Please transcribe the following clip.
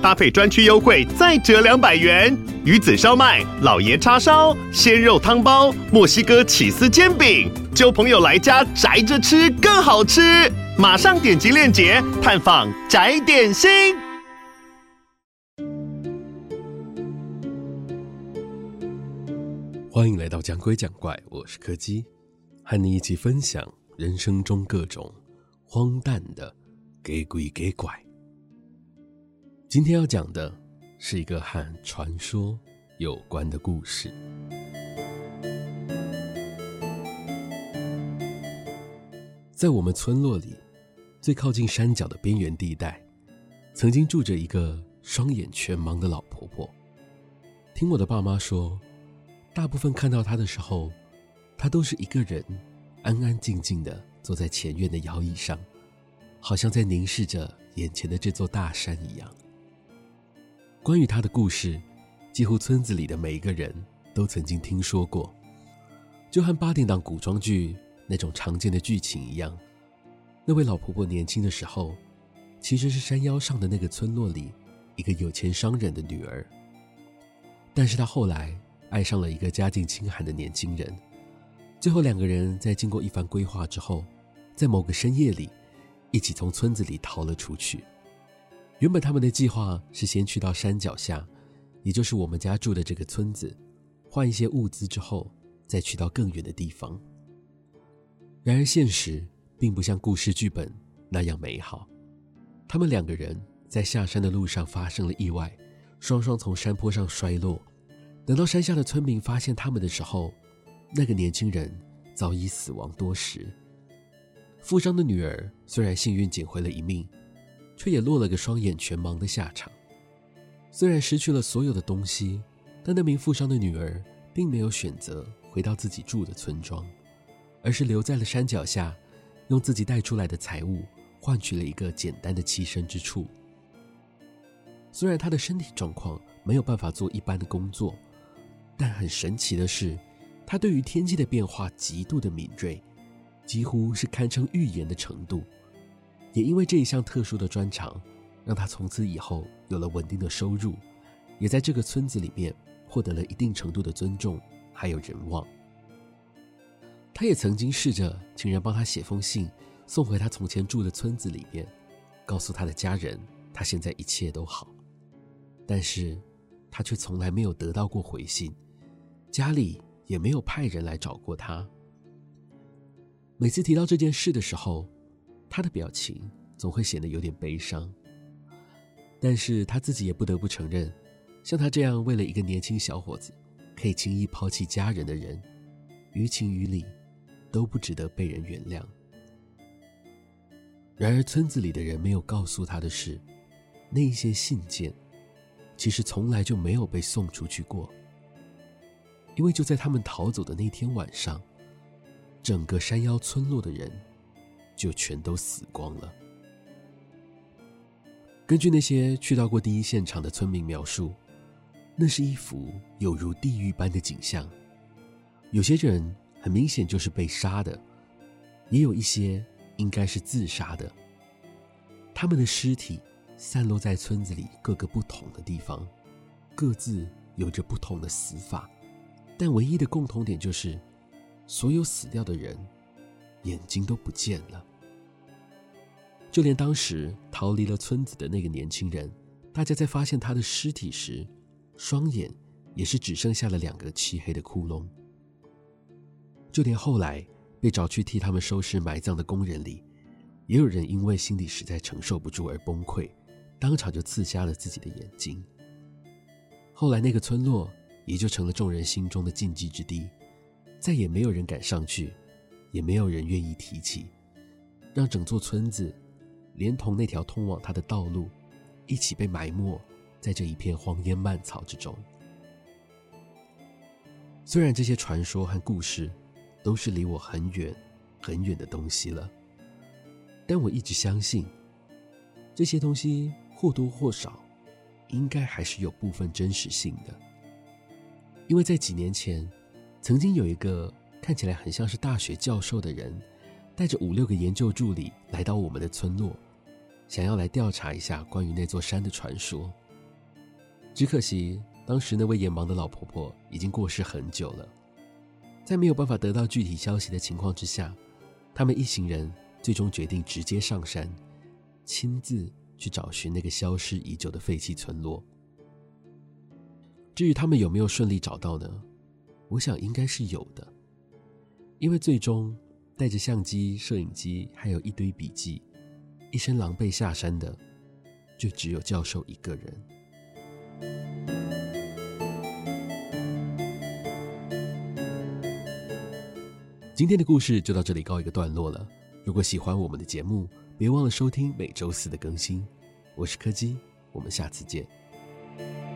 搭配專區優惠，再折兩百元。魚子燒賣、老爺叉燒、鮮肉湯包、墨西哥起司煎餅，揪朋友來家宅着吃更好吃。馬上點擊鏈接探訪宅點心。歡迎來到講鬼講怪，我是柯基，和你一起分享人生中各種荒誕的假鬼假怪。今天要講的是一個和傳說有關的故事。在我們村落裡，最靠近山腳的邊緣地帶，曾經住着一個雙眼全盲的老婆婆。聽我的爸媽說，大部分看到她的時候，她都是一個人安安靜靜的坐在前院的搖椅上，好像在凝視着眼前的這座大山一樣。關於她的故事，幾乎村子裡的每一個人都曾經聽說過，就和八點檔古裝劇那種常見的劇情一樣。那位老婆婆年輕的時候，其實是山腰上的那個村落裡一個有錢商人的女兒，但是她後來愛上了一個家境清寒的年輕人，最後兩個人在經過一番規劃之後，在某個深夜裡，一起從村子裡逃了出去。原本他們的計劃是先去到山腳下，也就是我們家住的這個村子，換一些物資之後，再去到更遠的地方。然而現實並不像故事劇本那樣美好。他們兩個人在下山的路上發生了意外，雙雙從山坡上摔落。等到山下的村民發現他們的時候，那個年輕人早已死亡多時。富商的女兒雖然幸運撿回了一命。卻也落了個雙眼全盲的下場。雖然失去了所有的東西，但那名富商的女兒並沒有選擇回到自己住的村莊，而是留在了山腳下，用自己帶出來的財物換取了一個簡單的棲身之處。雖然她的身體狀況沒有辦法做一般的工作，但很神奇的是，她對於天氣的變化極度的敏銳，幾乎是堪稱預言的程度。也因為這一項特殊的專長，讓他從此以後有了穩定的收入，也在這個村子裡面獲得了一定程度的尊重，還有人望。他也曾經試着請人幫他寫封信，送回他從前住的村子裡面，告訴他的家人他現在一切都好，但是，他卻從來沒有得到過回信，家裡也沒有派人來找過他。每次提到這件事的時候，他的表情總會顯得有點悲傷，但是他自己也不得不承認，像他這樣為了一個年輕小伙子可以輕易拋棄家人的人，於情於理都不值得被人原諒。然而，村子裡的人沒有告訴他的是，那一些信件，其實從來就沒有被送出去過，因為就在他們逃走的那天晚上，整個山腰村落的人。就全都死光了。根據那些去到過第一現場的村民描述，那是一幅有如地獄般的景象。有些人很明顯就是被殺的，也有一些應該是自殺的。他們的屍體散落在村子裡各個不同的地方，各自有着不同的死法，但唯一的共同點就是，所有死掉的人眼睛都不見了。就連當時逃離了村子的那個年輕人，大家在發現他的屍體時，雙眼也是只剩下了兩個漆黑的窟窿。就連後來被找去替他們收屍埋葬的工人裡，也有人因為心裡實在承受不住而崩潰，當場就刺瞎了自己的眼睛。後來那個村落也就成了眾人心中的禁忌之地，再也沒有人敢上去，也沒有人願意提起，讓整座村子。連同那條通往他的道路，一起被埋沒在這一片荒煙蔓草之中。雖然這些傳說和故事，都是離我很遠很遠的東西了，但我一直相信，這些東西或多或少，應該還是有部分真實性的。因為在幾年前，曾經有一個看起來很像是大學教授的人，帶着五六個研究助理來到我們的村落。想要來調查一下關於那座山的傳說，只可惜當時那位眼盲的老婆婆已經過世很久了。在沒有辦法得到具體消息的情況之下，他們一行人最終決定直接上山，親自去找尋那個消失已久的廢棄村落。至於他們有沒有順利找到呢？我想應該是有的，因為最終帶着相機、攝影機，還有一堆筆記。一身狼狽下山的，就只有教授一個人。今天的故事就到這裡告一個段落了。如果喜歡我們的節目，別忘了收聽每週四的更新。我是柯基，我們下次見。